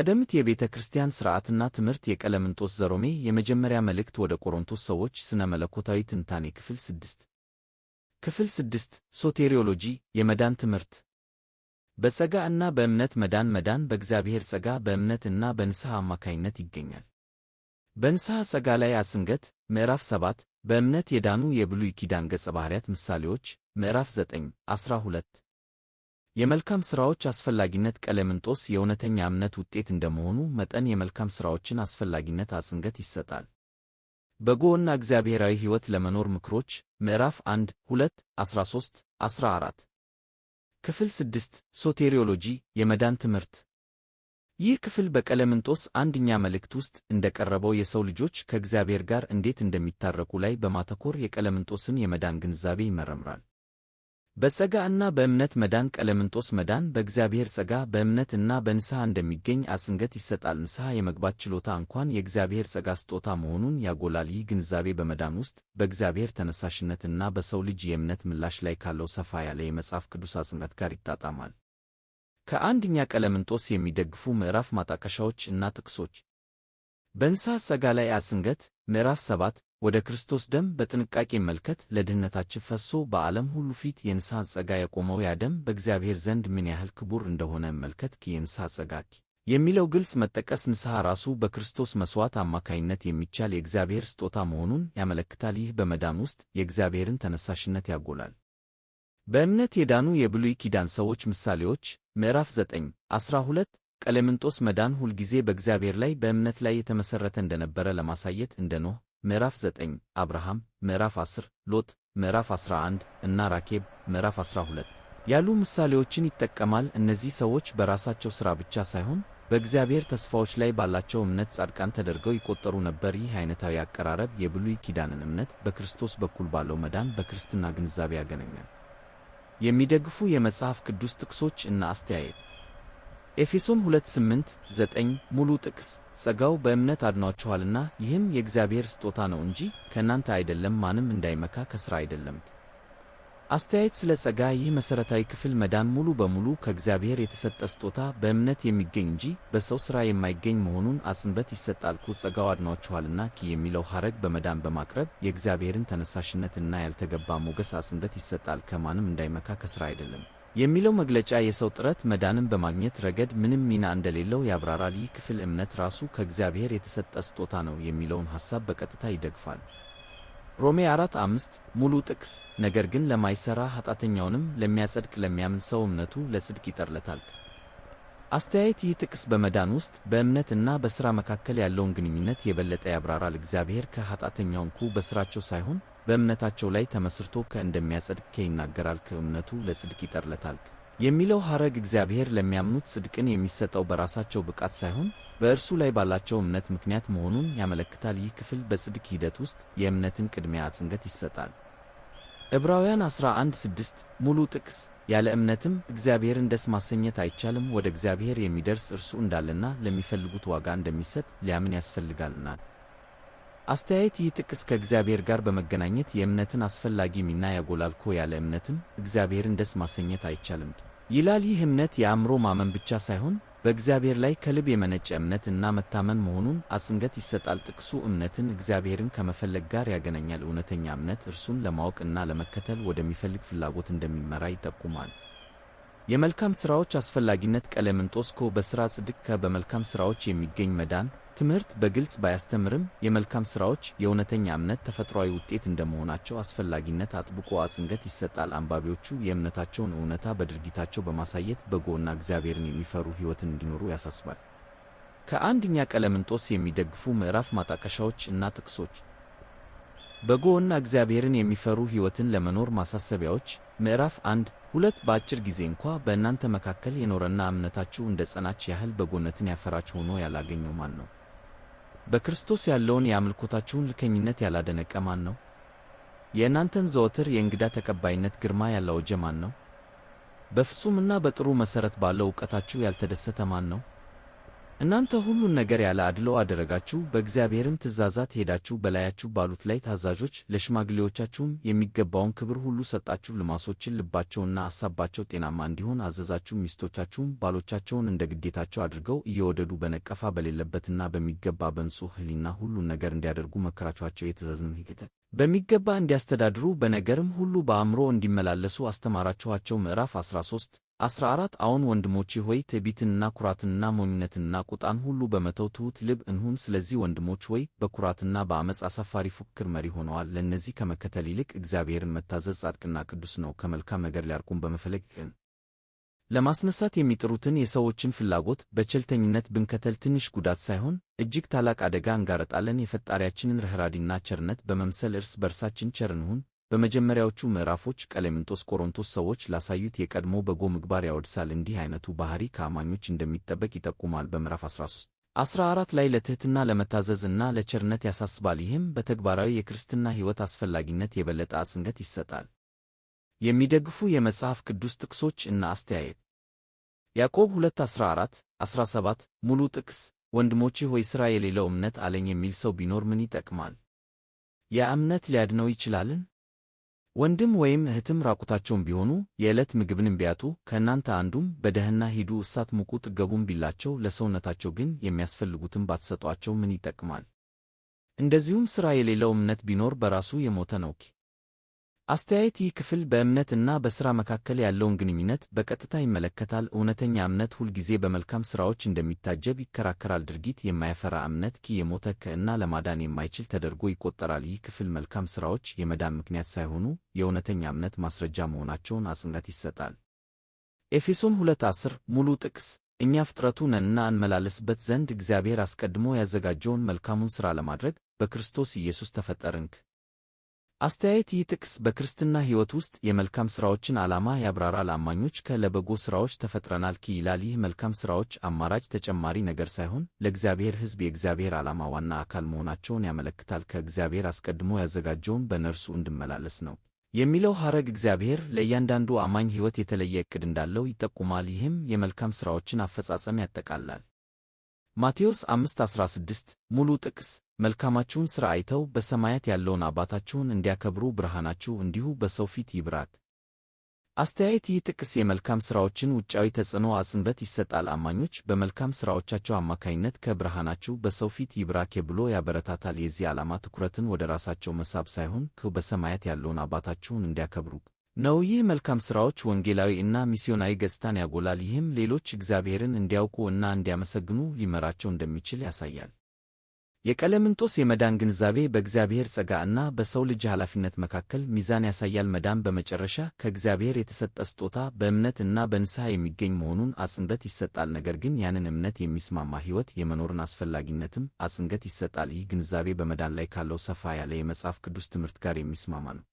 ቀደምት የቤተ ክርስቲያን ሥርዓትና ትምህርት የቀለምንጦስ ዘሮሜ የመጀመሪያ መልእክት ወደ ቆሮንቶስ ሰዎች ሥነ መለኮታዊ ትንታኔ ክፍል ስድስት ክፍል ስድስት ሶቴሪዮሎጂ የመዳን ትምህርት በጸጋ እና በእምነት መዳን መዳን በእግዚአብሔር ጸጋ በእምነት እና በንስሐ አማካይነት ይገኛል። በንስሐ ጸጋ ላይ አስንገት ምዕራፍ ሰባት በእምነት የዳኑ የብሉይ ኪዳን ገጸ ባሕርያት ምሳሌዎች ምዕራፍ ዘጠኝ አስራ ሁለት የመልካም ሥራዎች አስፈላጊነት ቀሌምንጦስ የእውነተኛ እምነት ውጤት እንደመሆኑ መጠን የመልካም ሥራዎችን አስፈላጊነት አጽንዖት ይሰጣል። በጎና እግዚአብሔራዊ ሕይወት ለመኖር ምክሮች ምዕራፍ 1 2 13 14 ክፍል 6 ሶቴሪዮሎጂ የመዳን ትምህርት ይህ ክፍል በቀሌምንጦስ አንደኛ መልእክት ውስጥ እንደቀረበው የሰው ልጆች ከእግዚአብሔር ጋር እንዴት እንደሚታረቁ ላይ በማተኮር የቀሌምንጦስን የመዳን ግንዛቤ ይመረምራል። በጸጋ እና በእምነት መዳን ቀለምንጦስ መዳን በእግዚአብሔር ጸጋ በእምነት እና በንስሐ እንደሚገኝ አጽንዖት ይሰጣል። ንስሐ የመግባት ችሎታ እንኳን የእግዚአብሔር ጸጋ ስጦታ መሆኑን ያጎላል። ይህ ግንዛቤ በመዳን ውስጥ በእግዚአብሔር ተነሳሽነት እና በሰው ልጅ የእምነት ምላሽ ላይ ካለው ሰፋ ያለ የመጽሐፍ ቅዱስ አጽንዖት ጋር ይጣጣማል። ከአንደኛ ቀለምንጦስ የሚደግፉ ምዕራፍ ማጣቀሻዎች እና ጥቅሶች በንስሐ ጸጋ ላይ አጽንዖት ምዕራፍ 7 ወደ ክርስቶስ ደም በጥንቃቄ መልከት ለድኅነታችን ፈሶ በዓለም ሁሉ ፊት የንስሐ ጸጋ የቆመው ያ ደም በእግዚአብሔር ዘንድ ምን ያህል ክቡር እንደሆነ መልከት የንስሐ ጸጋ የሚለው ግልጽ መጠቀስ ንስሐ ራሱ በክርስቶስ መሥዋዕት አማካይነት የሚቻል የእግዚአብሔር ስጦታ መሆኑን ያመለክታል። ይህ በመዳን ውስጥ የእግዚአብሔርን ተነሳሽነት ያጎላል። በእምነት የዳኑ የብሉይ ኪዳን ሰዎች ምሳሌዎች ምዕራፍ 9 12 ቀሌምንጦስ መዳን ሁልጊዜ በእግዚአብሔር ላይ በእምነት ላይ የተመሠረተ እንደነበረ ለማሳየት እንደ ኖህ ምዕራፍ 9 አብርሃም ምዕራፍ 10 ሎጥ ምዕራፍ 11 እና ራኬብ ምዕራፍ 12 ያሉ ምሳሌዎችን ይጠቀማል። እነዚህ ሰዎች በራሳቸው ሥራ ብቻ ሳይሆን በእግዚአብሔር ተስፋዎች ላይ ባላቸው እምነት ጻድቃን ተደርገው ይቆጠሩ ነበር። ይህ አይነታዊ አቀራረብ የብሉይ ኪዳንን እምነት በክርስቶስ በኩል ባለው መዳን በክርስትና ግንዛቤ ያገናኛል። የሚደግፉ የመጽሐፍ ቅዱስ ጥቅሶች እና አስተያየት ኤፌሶን 2:8 9 ሙሉ ጥቅስ ጸጋው በእምነት አድኗችኋልና ይህም የእግዚአብሔር ስጦታ ነው እንጂ ከእናንተ አይደለም፣ ማንም እንዳይመካ ከሥራ አይደለም። አስተያየት ስለ ጸጋ ይህ መሠረታዊ ክፍል መዳን ሙሉ በሙሉ ከእግዚአብሔር የተሰጠ ስጦታ በእምነት የሚገኝ እንጂ በሰው ሥራ የማይገኝ መሆኑን አጽንዖት ይሰጣል። ኩ ጸጋው አድኗችኋልና ኪ የሚለው ሐረግ በመዳን በማቅረብ የእግዚአብሔርን ተነሳሽነትና ያልተገባ ሞገስ አጽንዖት ይሰጣል። ከማንም እንዳይመካ ከሥራ አይደለም። የሚለው መግለጫ የሰው ጥረት መዳንን በማግኘት ረገድ ምንም ሚና እንደሌለው ያብራራል። ይህ ክፍል እምነት ራሱ ከእግዚአብሔር የተሰጠ ስጦታ ነው የሚለውን ሐሳብ በቀጥታ ይደግፋል። ሮሜ አራት አምስት ሙሉ ጥቅስ ነገር ግን ለማይሠራ ኃጢአተኛውንም ለሚያጸድቅ ለሚያምን ሰው እምነቱ ለጽድቅ ይጠርለታል። አስተያየት ይህ ጥቅስ በመዳን ውስጥ በእምነት እና በሥራ መካከል ያለውን ግንኙነት የበለጠ ያብራራል። እግዚአብሔር ከኃጢአተኛው እንኩ በሥራቸው ሳይሆን በእምነታቸው ላይ ተመስርቶ ከ እንደሚያጸድቅ ከ ይናገራል ከእምነቱ ለጽድቅ ይጠርለታል የሚለው ሐረግ እግዚአብሔር ለሚያምኑት ጽድቅን የሚሰጠው በራሳቸው ብቃት ሳይሆን በእርሱ ላይ ባላቸው እምነት ምክንያት መሆኑን ያመለክታል። ይህ ክፍል በጽድቅ ሂደት ውስጥ የእምነትን ቅድሚያ አጽንዖት ይሰጣል። ዕብራውያን 11፥6 ሙሉ ጥቅስ ያለ እምነትም እግዚአብሔርን ደስ ማሰኘት አይቻልም፣ ወደ እግዚአብሔር የሚደርስ እርሱ እንዳለና ለሚፈልጉት ዋጋ እንደሚሰጥ ሊያምን ያስፈልጋልና። አስተያየት ይህ ጥቅስ ከእግዚአብሔር ጋር በመገናኘት የእምነትን አስፈላጊ ሚና ያጎላልኮ። ያለ እምነትም እግዚአብሔርን ደስ ማሰኘት አይቻልም ይላል። ይህ እምነት የአእምሮ ማመን ብቻ ሳይሆን በእግዚአብሔር ላይ ከልብ የመነጨ እምነት እና መታመን መሆኑን አጽንዖት ይሰጣል። ጥቅሱ እምነትን እግዚአብሔርን ከመፈለግ ጋር ያገናኛል። እውነተኛ እምነት እርሱን ለማወቅ እና ለመከተል ወደሚፈልግ ፍላጎት እንደሚመራ ይጠቁማል። የመልካም ሥራዎች አስፈላጊነት ቀሌምንጦስ ኮ በሥራ ጽድቅ ከ በመልካም ሥራዎች የሚገኝ መዳን ትምህርት በግልጽ ባያስተምርም የመልካም ሥራዎች የእውነተኛ እምነት ተፈጥሯዊ ውጤት እንደመሆናቸው አስፈላጊነት አጥብቆ አጽንዖት ይሰጣል። አንባቢዎቹ የእምነታቸውን እውነታ በድርጊታቸው በማሳየት በጎና እግዚአብሔርን የሚፈሩ ሕይወትን እንዲኖሩ ያሳስባል። ከአንደኛ ቀለምንጦስ የሚደግፉ ምዕራፍ ማጣቀሻዎች እና ጥቅሶች በጎና እግዚአብሔርን የሚፈሩ ሕይወትን ለመኖር ማሳሰቢያዎች ምዕራፍ አንድ ሁለት በአጭር ጊዜ እንኳ በእናንተ መካከል የኖረና እምነታችሁ እንደ ጸናች ያህል በጎነትን ያፈራች ሆኖ ያላገኘው ማን ነው? በክርስቶስ ያለውን የአምልኮታችሁን ልከኝነት ያላደነቀ ማን ነው? የእናንተን ዘወትር የእንግዳ ተቀባይነት ግርማ ያላወጀ ማን ነው? በፍጹምና በጥሩ መሠረት ባለው ዕውቀታችሁ ያልተደሰተ ማን ነው? እናንተ ሁሉን ነገር ያለ አድሎ አደረጋችሁ፣ በእግዚአብሔርም ትእዛዛት ሄዳችሁ፣ በላያችሁ ባሉት ላይ ታዛዦች፣ ለሽማግሌዎቻችሁም የሚገባውን ክብር ሁሉ ሰጣችሁ። ልማሶችን ልባቸውና አሳባቸው ጤናማ እንዲሆን አዘዛችሁ። ሚስቶቻችሁም ባሎቻቸውን እንደ ግዴታቸው አድርገው እየወደዱ በነቀፋ በሌለበትና በሚገባ በንጹሕ ሕሊና ሁሉን ነገር እንዲያደርጉ መከራችኋቸው። የትእዛዝን በሚገባ እንዲያስተዳድሩ በነገርም ሁሉ በአእምሮ እንዲመላለሱ አስተማራችኋቸው። ምዕራፍ 13 አስራ አራት አሁን ወንድሞቼ ሆይ ትዕቢትንና ኩራትንና ሞኝነትንና ቁጣን ሁሉ በመተው ትሑት ልብ እንሁን። ስለዚህ ወንድሞች ሆይ በኩራትና በአመፅ አሳፋሪ ፉክክር መሪ ሆነዋል። ለእነዚህ ከመከተል ይልቅ እግዚአብሔርን መታዘዝ ጻድቅና ቅዱስ ነው። ከመልካም ነገር ሊያርቁን በመፈለግ ለማስነሳት የሚጥሩትን የሰዎችን ፍላጎት በቸልተኝነት ብንከተል ትንሽ ጉዳት ሳይሆን እጅግ ታላቅ አደጋ እንጋረጣለን። የፈጣሪያችንን ርኅራዲና ቸርነት በመምሰል እርስ በርሳችን ቸር እንሁን። በመጀመሪያዎቹ ምዕራፎች ቀሌምንጦስ ቆሮንቶስ ሰዎች ላሳዩት የቀድሞ በጎ ምግባር ያወድሳል፣ እንዲህ አይነቱ ባህሪ ከአማኞች እንደሚጠበቅ ይጠቁማል። በምዕራፍ 13 14 ላይ ለትሕትና ለመታዘዝ እና ለቸርነት ያሳስባል፣ ይህም በተግባራዊ የክርስትና ሕይወት አስፈላጊነት የበለጠ አጽንዖት ይሰጣል። የሚደግፉ የመጽሐፍ ቅዱስ ጥቅሶች እና አስተያየት ያዕቆብ 2:14 17 ሙሉ ጥቅስ ወንድሞቼ ሆይ ሥራ የሌለው እምነት አለኝ የሚል ሰው ቢኖር ምን ይጠቅማል? ያ እምነት ሊያድነው ይችላልን? ወንድም ወይም እህትም ራቁታቸውን ቢሆኑ የዕለት ምግብንም ቢያጡ ከእናንተ አንዱም በደህና ሂዱ እሳት ሙቁ ጥገቡም ቢላቸው ለሰውነታቸው ግን የሚያስፈልጉትን ባትሰጧቸው ምን ይጠቅማል? እንደዚሁም ሥራ የሌለው እምነት ቢኖር በራሱ የሞተ ነው። አስተያየት ይህ ክፍል በእምነት እና በሥራ መካከል ያለውን ግንኙነት በቀጥታ ይመለከታል። እውነተኛ እምነት ሁልጊዜ በመልካም ሥራዎች እንደሚታጀብ ይከራከራል። ድርጊት የማያፈራ እምነት ኪ የሞተ ከእና እና ለማዳን የማይችል ተደርጎ ይቆጠራል። ይህ ክፍል መልካም ሥራዎች የመዳን ምክንያት ሳይሆኑ የእውነተኛ እምነት ማስረጃ መሆናቸውን አጽንዖት ይሰጣል። ኤፌሶን 2:10 ሙሉ ጥቅስ እኛ ፍጥረቱ ነንና እንመላለስበት ዘንድ እግዚአብሔር አስቀድሞ ያዘጋጀውን መልካሙን ሥራ ለማድረግ በክርስቶስ ኢየሱስ ተፈጠርንክ አስተያየት ይህ ጥቅስ በክርስትና ሕይወት ውስጥ የመልካም ሥራዎችን ዓላማ ያብራራል። አማኞች ከለበጎ ሥራዎች ተፈጥረናል ኪ ይላል። ይህ መልካም ሥራዎች አማራጭ ተጨማሪ ነገር ሳይሆን ለእግዚአብሔር ሕዝብ የእግዚአብሔር ዓላማ ዋና አካል መሆናቸውን ያመለክታል። ከእግዚአብሔር አስቀድሞ ያዘጋጀውን በነርሱ እንድመላለስ ነው የሚለው ሐረግ እግዚአብሔር ለእያንዳንዱ አማኝ ሕይወት የተለየ ዕቅድ እንዳለው ይጠቁማል። ይህም የመልካም ሥራዎችን አፈጻጸም ያጠቃልላል። ማቴዎስ 5:16 ሙሉ ጥቅስ መልካማችሁን ሥራ አይተው በሰማያት ያለውን አባታችሁን እንዲያከብሩ ብርሃናችሁ እንዲሁ በሰው ፊት ይብራት። አስተያየት ይህ ጥቅስ የመልካም ሥራዎችን ውጫዊ ተጽዕኖ አጽንዖት ይሰጣል። አማኞች በመልካም ሥራዎቻቸው አማካኝነት ከብርሃናችሁ በሰው ፊት ይብራኬ ብሎ ያበረታታል። የዚህ ዓላማ ትኩረትን ወደ ራሳቸው መሳብ ሳይሆን በሰማያት ያለውን አባታችሁን እንዲያከብሩ ነው። ይህ መልካም ሥራዎች ወንጌላዊ እና ሚስዮናዊ ገጽታን ያጎላል። ይህም ሌሎች እግዚአብሔርን እንዲያውቁ እና እንዲያመሰግኑ ሊመራቸው እንደሚችል ያሳያል። የቀለምንጦስ የመዳን ግንዛቤ በእግዚአብሔር ጸጋ እና በሰው ልጅ ኃላፊነት መካከል ሚዛን ያሳያል። መዳን በመጨረሻ ከእግዚአብሔር የተሰጠ ስጦታ፣ በእምነት እና በንስሐ የሚገኝ መሆኑን አጽንዖት ይሰጣል። ነገር ግን ያንን እምነት የሚስማማ ሕይወት የመኖርን አስፈላጊነትም አጽንዖት ይሰጣል። ይህ ግንዛቤ በመዳን ላይ ካለው ሰፋ ያለ የመጽሐፍ ቅዱስ ትምህርት ጋር የሚስማማ ነው።